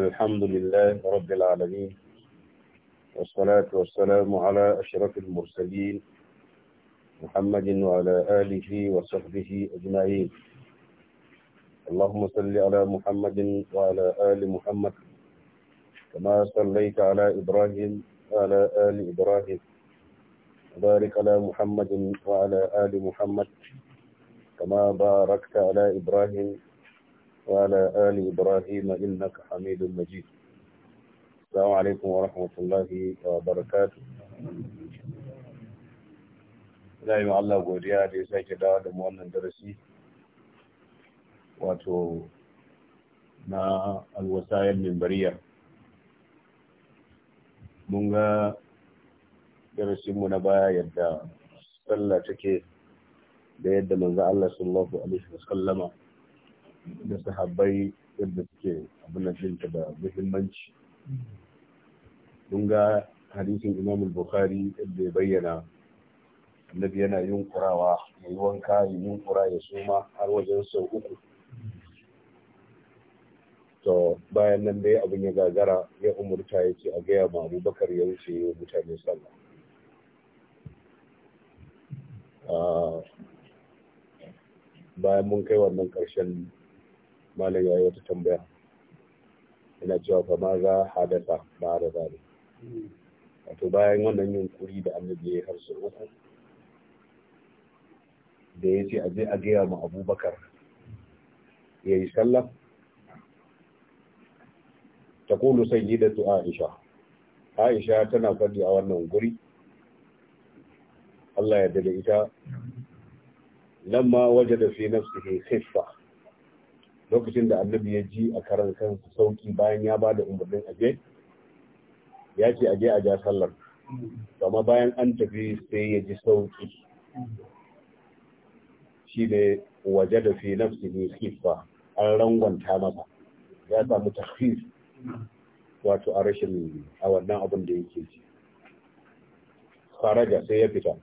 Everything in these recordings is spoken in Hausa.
الحمد لله رب العالمين والصلاة والسلام على أشرف المرسلين محمد وعلى آله وصحبه أجمعين اللهم صل على محمد وعلى آل محمد كما صليت على إبراهيم وعلى آل إبراهيم بارك على محمد وعلى آل محمد كما باركت على إبراهيم وعلى آل إبراهيم إنك حميد مجيد السلام عليكم ورحمة الله وبركاته لا الله godiya da ya sake dawo da mu wannan darasi wato na alwasayar mimbariya mun ga darasinmu na baya yadda sallah take da yadda manzo Allah sallallahu wasallama da sahabbai yadda suke abin da jinta da muhimmanci dunga ga hadisin imam bukhari yadda ya bayyana annabi yana yunkurawa ya yi wanka ya yunkura ya suma har wajen sau uku to bayan nan dai abin ya gagara ya umurta ya ce a gaya ma abubakar ya wuce mutane sallah ah, bayan mun kai wannan ƙarshen malam ya yi wata tambaya Ina cewa fa ma za hadasa ba da zari wato bayan wannan yunkuri da annabi ya yi har sau uku da ya ce a je a gaya mu abubakar ya yi sallah ta kulu sanyi da tu aisha aisha tana faɗi a wannan guri Allah ya da ita lamma waje da fi nafsihi khiffah lokacin da annabi ya ji a karan kansa sauki bayan ya bada umarnin aje ya ce aje a ja sallar amma bayan an tafi sai ya ji sauki shi ne waje da fi nafsi ne khifa an rangwanta masa ya samu takhfif wato a rashin a wannan abin da yake ji faraja sai ya fita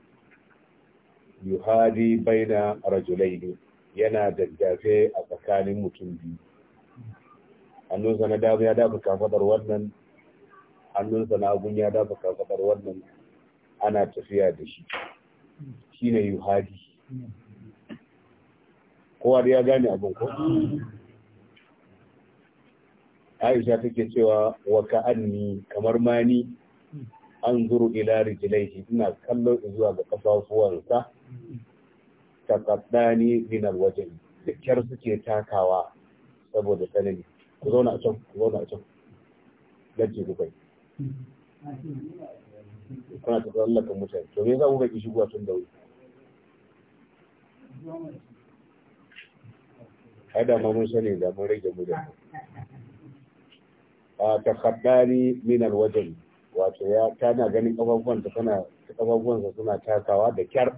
yuhadi baina ne. yana daddafe a tsakanin mutum biyu hannunsa na dama ya dafa kafadar wannan hannunsa na agun ya dafa kafadar wannan ana tafiya da shi shi yi hadi? kowa da ya gane abin ko Aisha take cewa wa ka'anni kamar mani an zuru ila rijlaihi ina kallon zuwa ga kafafuwansa taqaddani min alwajhi da kyar suke takawa saboda sanani ku zauna a can ku zauna a can gaje ku kai kuna ta kan mutane to me za ku ga shigowa tun da wuri ai da ma mun sani da mun rage mu da a taqaddani min alwajhi wato ya tana ganin kafafuwan ta tana kafafuwan sa suna takawa da kyar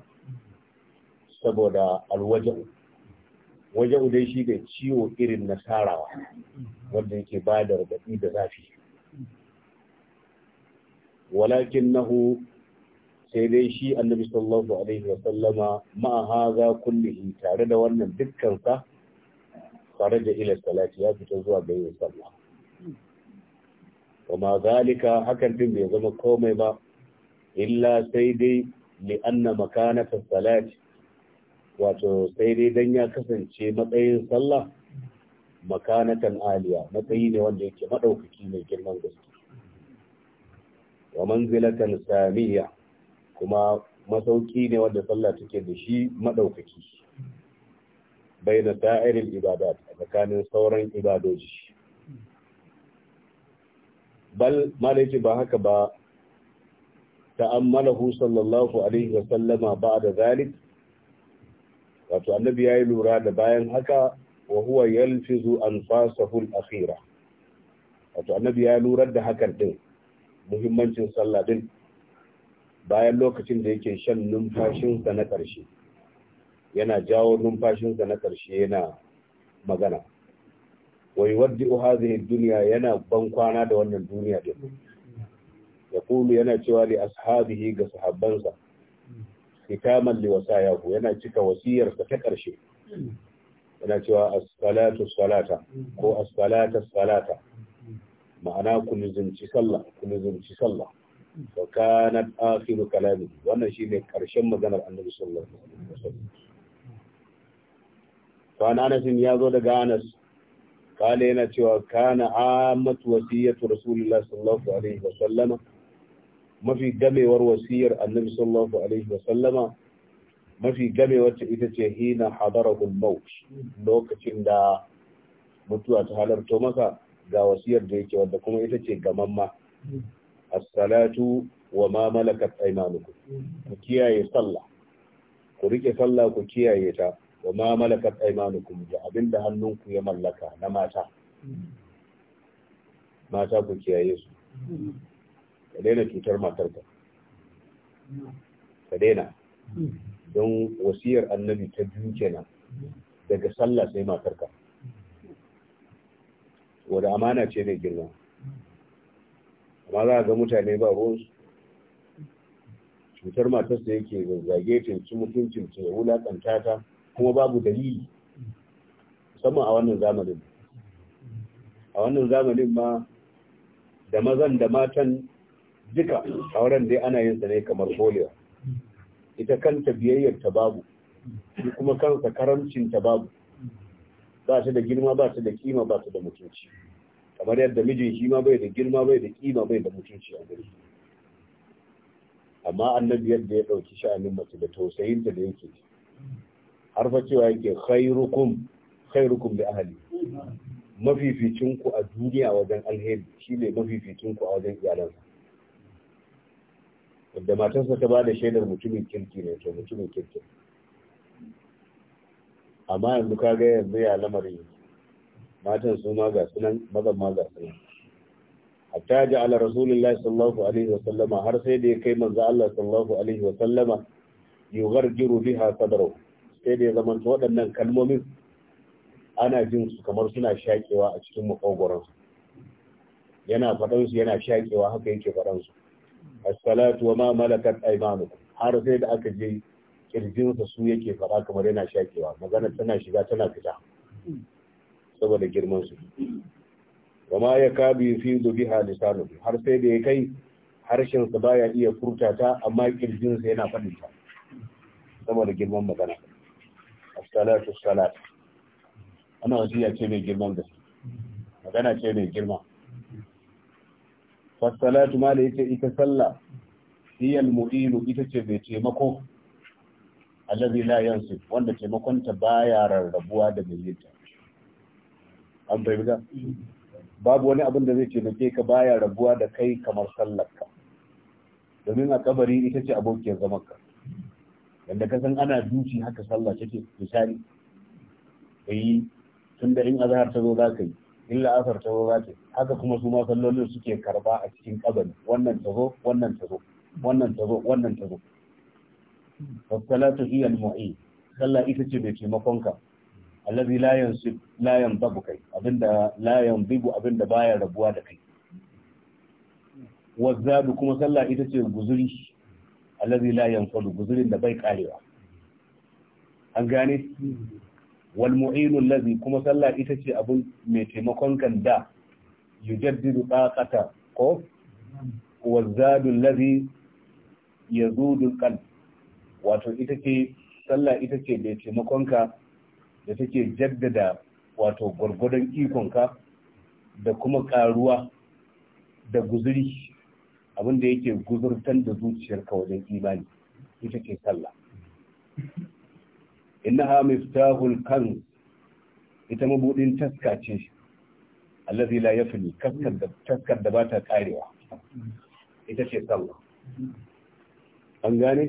saboda alwaja'u waja'u dai shi da ciwo irin na sarawa wanda yake ba da raɗaɗi da zafi walakin nahu sai dai shi annabi sallallahu alaihi wa sallama ma'a haza kullihi tare da wannan dukkansa tare da ila salati ya fita zuwa ga yin sallah kuma zalika hakan din bai zama komai ba illa sai dai li anna makanata salati wato sai dai dan ya kasance matsayin sallah makanatan aliya matsayi ne wanda yake madaukaki mai girman gaske wa manzilatan samiya kuma masauki ne wanda sallah take da shi madaukaki baina da'irin ibadat a tsakanin sauran ibadoji bal malaiki ba haka ba ta'ammalahu sallallahu alaihi wa sallama ba da zalik wato annabi yayi lura da bayan haka wa huwa yalfizu anfasahu al-akhira wato annabi ya lura da hakan din muhimmancin sallah din bayan lokacin da yake shan numfashinsa na ƙarshe yana jawo numfashinsa na ƙarshe yana magana wai wadda hadhihi duniya yana ban kwana da wannan duniya din yana cewa li ashabihi ga sahabbansa hikaman liwasayahu yana cika wasiyarsa ta ƙarshe yana cewa as-salatu salata ko as-salata salata ma'ana ku nuzumci sallah ku nuzumci sallah wa kanat akhiru kalami wannan shine ƙarshen maganar annabi sallallahu alaihi wasallam to Anas ya zo daga Anas kale yana cewa kana ammatu wasiyatu rasulullahi sallallahu alaihi wasallama mafi gamewar wasiyar annabi sallallahu alaihi wasallama mafi gamewar ta ita ce hina hadarahul maut lokacin da mutuwa ta halarto masa ga wasiyar da yake wanda kuma ita ce gamamma as-salatu wa ma malakat aymanukum ku kiyaye sallah ku rike sallah ku kiyaye ta wa ma malakat aymanukum da abinda hannunku ya mallaka na mata mata ku kiyaye su ka daina cutar matarka ka daina don wasiyar annabi ta biyu kenan daga sallah sai matarka wadda amana ce mai girma amma za a ga mutane ba ruwansu cutar matarsa yake zage cinci mutuncin ce ya wulakanta ta kuma babu dalili musamman a wannan zamanin a wannan zamanin ma da mazan da matan duka auren dai ana yin sa ne kamar bolewa ita kanta biyayyar ta babu shi kuma kansa karamcin ta babu ba shi da girma ba shi da kima ba shi da mutunci kamar yadda mijin shi ma bai da girma bai da kima bai da mutunci a gari amma annabi yadda ya dauki sha'anin mace da tausayin da yake har fa cewa yake khairukum khairukum bi ahli mafificinku a duniya wajen alheri shine mafificinku a wajen iyalansa da matarsa ta ba da shaidar mutumin kirki ne to mutumin kirki amma yanzu ka ga yanzu ya lamarin matan su ma ga sunan mazan ma ga sunan hatta ja ala rasulullahi sallallahu alaihi wa sallama har sai da ya kai manzo Allah sallallahu alaihi wa sallama yugargiru biha sadrahu sai da ya zama waɗannan kalmomin ana jin su kamar suna shakewa a cikin makogoron yana faɗan su yana shakewa haka yake faɗan su as-salatu wa ma malakat aymanukum har sai da aka je sa su yake fara kamar yana shakewa magana tana shiga tana fita saboda girman su wa ma yakadu yufidu biha lisanuhu har sai da ya kai harshen sa baya iya furtata amma amma sa yana fadin ta saboda girman magana as-salatu as salat ana wasiya ce mai girman da magana ce mai girma fasalatu ma da yake ita sallah hiyal mu'inu ita ce mai taimako allazi la yansu wanda taimakon ta baya rarrabuwa da milita an bai ga babu wani abin da zai taimake ka baya rabuwa da kai kamar sallarka domin a kabari ita ce abokiyar zamanka yadda ka san ana duci haka sallah take misali ka yi tun da in azhar ta zo za ka yi in la'asar ta zo za haka kuma su ma sallolin suke karba a cikin kabari wannan ta zo wannan ta zo wannan ta zo wannan ta zo fasalatu hiya almu'i sallah ita ce mai taimakon ka allazi la yansib la yanzabu kai abinda la yanzibu abinda baya rabuwa da kai wazzadu kuma sallah ita ce guzuri allazi la yanfadu guzurin da bai karewa an gane wal mu'inul ladhi kuma sallah ita ce abun mai taimakon kan da yujaddidu taqata ko wa zadul ladhi yazudu kan wato ita ce sallah ita ce mai taimakon ka da take jaddada wato gwargwadon ikonka da kuma ƙaruwa da guzuri abinda yake guzurtan da zuciyarka wajen imani ita ce sallah innaha miftahul kan ita mabudin taska ce allazi la yafni kaskar da taskar da bata karewa ita ce sallah an gane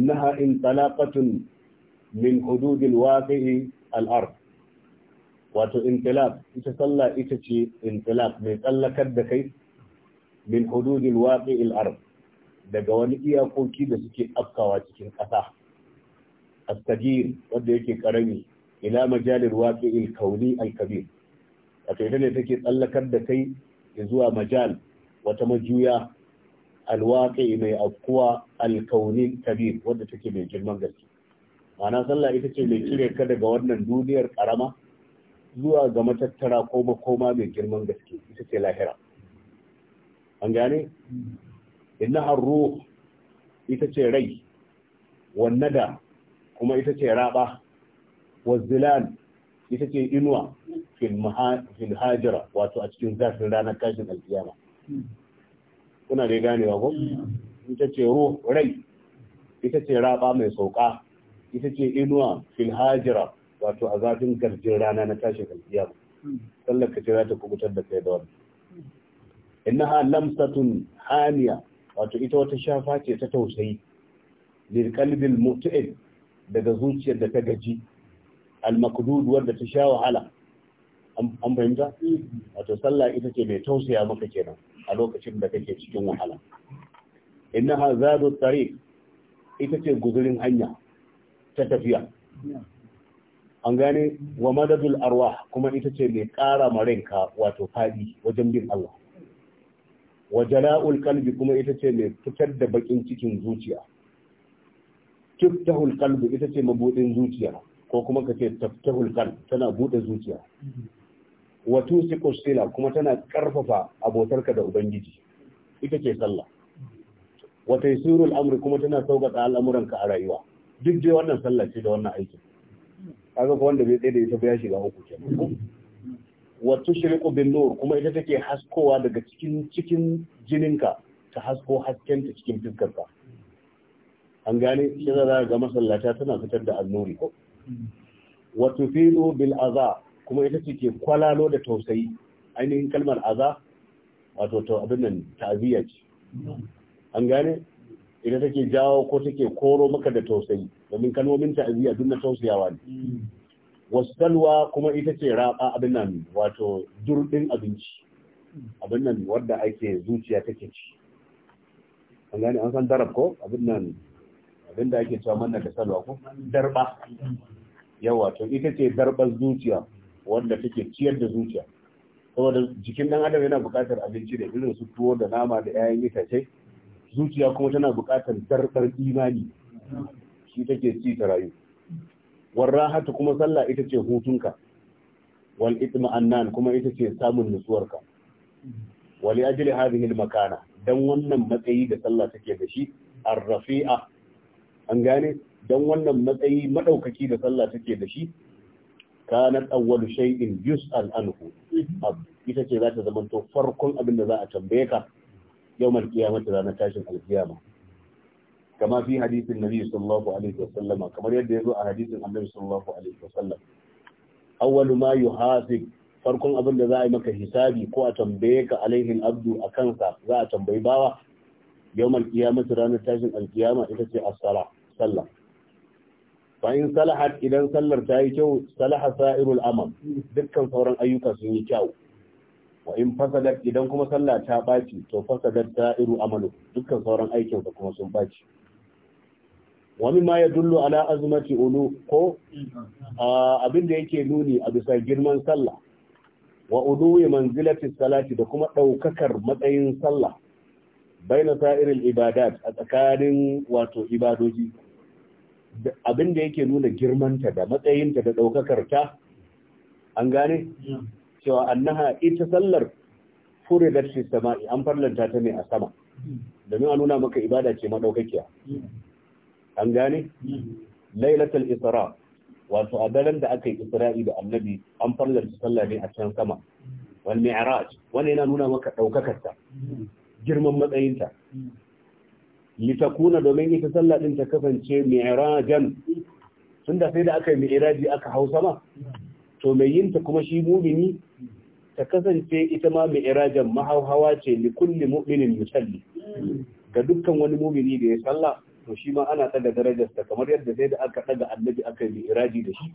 innaha in talaqatun min hududil waqi'i al-ard wato intilab ita sallah ita ce intilab mai tsallakar da kai min hududil waqi'il ard daga wani iyakoki da suke afkawa cikin ƙasa as-sagir wanda yake karami ila majalil waqi'il kauni al-kabir wato ita ne take tsallakar da kai zuwa majal wata majuya alwaƙi mai afkuwa alkaunin kabir wanda take mai girman gaske ma'ana sallah ita ce mai cire ka daga wannan duniyar karama zuwa ga matattara ko makoma mai girman gaske ita ce lahira an gane inna ruh ita ce rai wannada kuma ita ce raba wazzilal ita ce inuwa fil hajira wato a cikin zafin ranar tashin alkiyama kuna dai ganewa ko ita ce ro rai ita ce raba mai sauka ita ce inuwa fil hajira wato a zafin garjin rana na tashin alkiyama sallar ka ce za ta kubutar da kai da wani innaha lamsatun haniya wato ita wata shafa ce ta tausayi lil qalbil mu'tid daga zuciyar da ta gaji al-maqdud wanda ta sha wahala an fahimta wato sallah ita ce mai tausaya maka kenan a lokacin da kake cikin wahala inna hazadu tariq ita ce guzurin hanya ta tafiya an gane wa madadul arwah kuma ita ce mai ƙara marinka wato fadi wajen bin Allah wa jala'ul qalbi kuma ita ce mai fitar da bakin cikin zuciya kiftahul qalbi ita ce mabudin zuciya ko kuma ka ce taftahul tana buɗe zuciya wa tusiqu sila kuma tana karfafa abotarka da ubangiji ita ce sallah wa taysirul amri kuma tana sauƙaƙa al'amuranka a rayuwa duk dai wannan sallah ce da wannan aikin kaga ko wanda bai tsaye da ita ba ya shiga uku kenan wa tushriqu bin nur kuma ita take haskowa daga cikin cikin jininka ta hasko hasken ta cikin fuskarka an gane shi za ga masallata tana fitar da annuri wa tufilu bil aza kuma ita ce ke kwalalo da tausayi ainihin kalmar aza wato to abin nan ta'aziyya ce an gane ita take jawo ko take koro maka da tausayi domin kalmomin ta'aziyya duk na tausayawa ne wasalwa kuma ita ce raba abin nan wato durdin abinci abin nan wanda ake zuciya take ci an gane an san darab ko abin nan abinda ake cewa manna da salwa ko darba yawa to ita ce darbar zuciya wanda take ciyar da zuciya saboda jikin dan adam yana buƙatar abinci da irin su tuwo da nama da 'ya'yan itace zuciya kuma tana buƙatar darbar imani shi take ci ta rayu warrahatu kuma sallah ita ce hutunka wal itma'annan kuma ita ce samun nutsuwarka wali ajli hadhihi al makana dan wannan matsayi da sallah take da shi arrafi'a an gane don wannan matsayi maɗaukaki da sallah take da shi kanat awwalu shay'in yus'al anhu ita ce za ta zama to farkon abin da za a tambaye ka yawmal qiyamah ranar tashin alkiyama kama fi hadisin nabi sallallahu alaihi wasallam kamar yadda yazo a hadisin annabi sallallahu alaihi wasallam awwalu ma yuhasib farkon abin da za a yi maka hisabi ko a tambaye ka alaihin abdu a kansa za a tambayi bawa yawmal qiyamah ranar tashin alkiyama ita ce as-salah sallah fa in salahat idan sallar ta yi kyau salaha sa'irul amal dukkan sauran ayyuka sun yi kyau wa in fasadat idan kuma sallah ta baci to fasadat sa'iru amalu dukkan sauran aikin sa kuma sun baci wa ma yadullu ala azmati ulu ko abin da yake nuni a bisa girman sallah wa uduwi manzilati salati da kuma daukakar matsayin sallah baina sa'iril ibadat a tsakanin wato ibadoji abin da yake nuna girmanta da matsayinta da ɗaukakarta an gane cewa annaha ita sallar da shi sama'i an farlanta ta ne a sama domin a nuna maka ibada ce maɗaukakiya, an gane lailatul isra wato a daren da aka yi isra'i da annabi an farlanta sallah ne a can sama wal mi'raj wannan yana nuna maka ɗaukakarta girman matsayinta litakuna domin ita sallah din ta kasance mi'rajan tunda sai da aka yi mi'raji aka hau sama to mai yin ta kuma shi mumini ta kasance ita ma mi'rajan mahauhawa ce li kulli mu'minin musalli ga dukkan wani mumini da ya sallah to shi ma ana daga darajarsa kamar yadda sai da aka daga annabi aka yi iraji da shi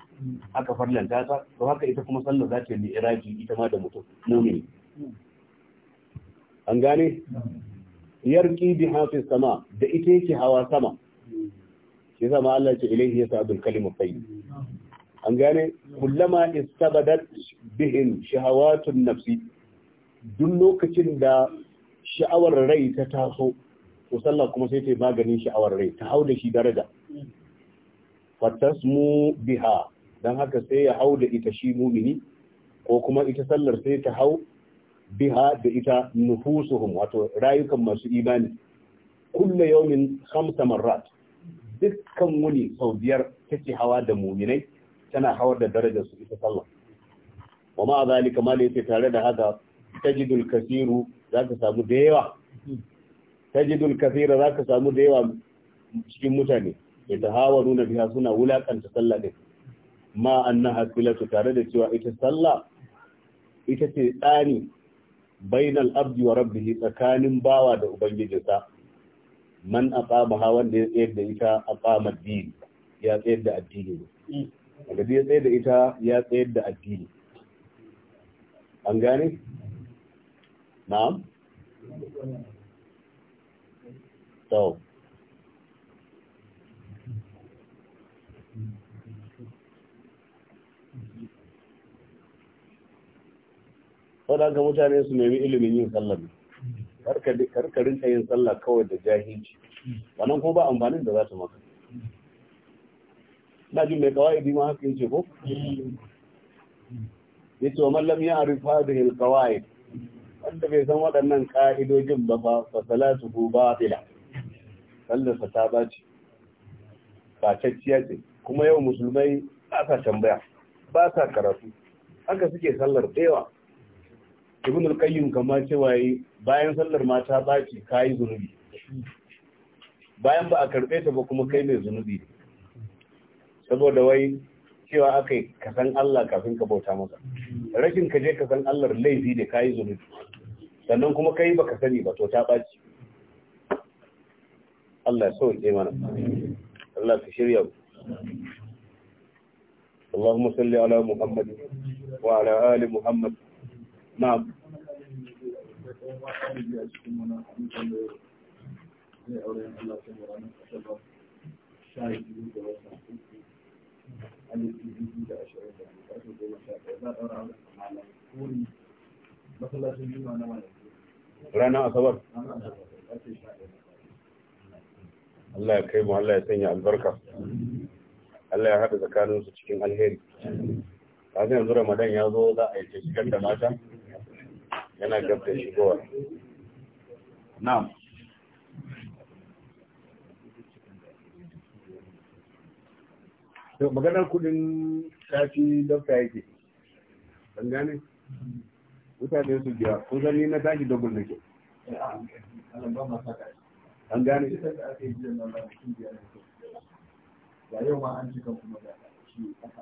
aka farlanta ta to haka ita kuma sallah za ta yi iraji ita ma da mutum mumini an gane yarki bi hafi sama da ita yake hawa sama shi zama Allah ce ilaihi yasa abul kalimu tayyib an gane kullama istabadat bihin shahawatun nafsi duk lokacin da sha'awar rai ta taso to sallah kuma sai ta maganin sha'awar rai ta hau da shi daraja fatasmu biha dan haka sai ya hau da ita shi mumini ko kuma ita sallar sai ta hau biha da ita nufusuhum wato rayukan masu imani kulla yawmin khamsa marrat dukkan wuni sau biyar take hawa da muminai tana hawar da darajar su ita sallah wa ma zalika ma laysa tare da haka tajidul kasiru zaka samu da yawa tajidul kasira zaka samu da yawa cikin mutane hawa nuna biya suna wulakanta sallah din ma annaha silatu tare da cewa ita sallah ita ce tsani bainal abdi wa rabbihi tsakanin bawa da ubangijinsa man aqama ha wanda ya tsayar da ita aqama din ya tsayar da addini ne daga ya tsayar da ita ya tsayar da addini an gane na'am to wadda ga mutane su nemi ilimin yin sallar karkarin ka yin sallah kawai da jahilci wannan ko ba amfanin da za ta maka na jin mai kawai ma haka ce ko ce wa mallam ya arifa da kawai wanda bai san waɗannan ka'idojin ba fa ba salatuhu sallar sallarsa ta bace cacciya ce kuma yau musulmai ba sa tambaya ba sa karatu haka suke sallar da yawa ibn al-qayyim kama cewa yi bayan sallar ma ta baci kai zunubi bayan ba a karbe ta ba kuma kai mai zunubi saboda wai cewa akai ka san Allah kafin ka bauta masa rashin ka je ka san Allah laifi da kai zunubi sannan kuma kai baka sani ba to ta baci Allah ya sauke mana Allah ka shirya mu salli ala Muhammad wa ala ali Muhammad na'am ranar asabar a Allah ya kai mu Allah ya sanya albarka Allah ya haɗa tsakaninsu cikin alheri kafin yanzu ramadan ya zo za a yi shigar da mata yana gabta da shigowa na'am to maganar kudin tafi dokta yake ban gane mutane su biya ko zan na tashi dogon da ke an gane ya yau ma an cika kuma da shi aka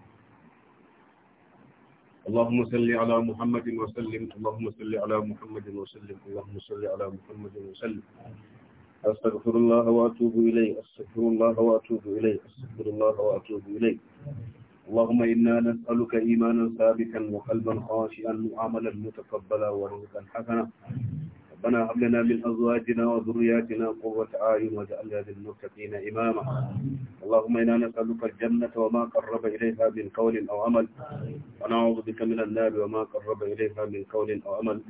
اللهم صل على محمد وسلم اللهم صل على محمد وسلم اللهم صل على محمد وسلم أستغفر الله وأتوب إليه أستغفر الله وأتوب إليه أستغفر الله وأتوب إليه اللهم إنا نسألك إيمانا ثابتا وقلبا خاشئا وعملا متقبلا ورزقا حسنا ربنا هب لنا من ازواجنا وذرياتنا قوة اعين واجعلنا للمتقين اماما اللهم انا نسالك الجنه وما قرب اليها من قول او عمل ونعوذ بك من النار وما قرب اليها من قول او عمل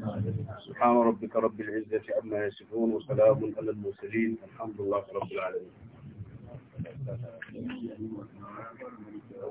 سبحان ربك رب العزه عما يصفون وسلام على المرسلين الحمد لله رب العالمين